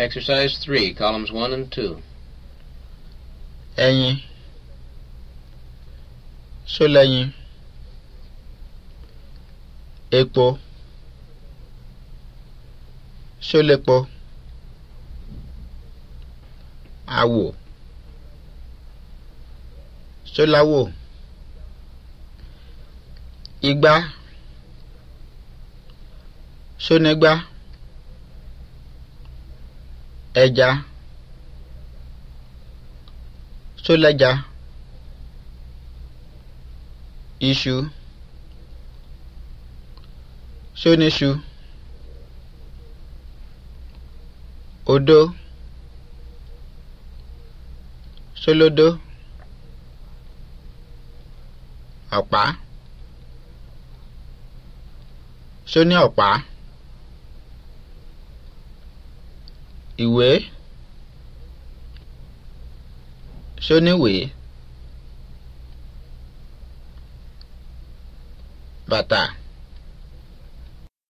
Exercise 3, columns 1 and 2. Ẹyin. Sólẹ́yin. Epo. Sólépo. Awo. Sóláwò. Igba. Sónígbá ẹja sólẹ́ja iṣu sóníṣu odó sólódó ọ̀pá sóní ọ̀pá. ìwé ṣóníwèé bàtà.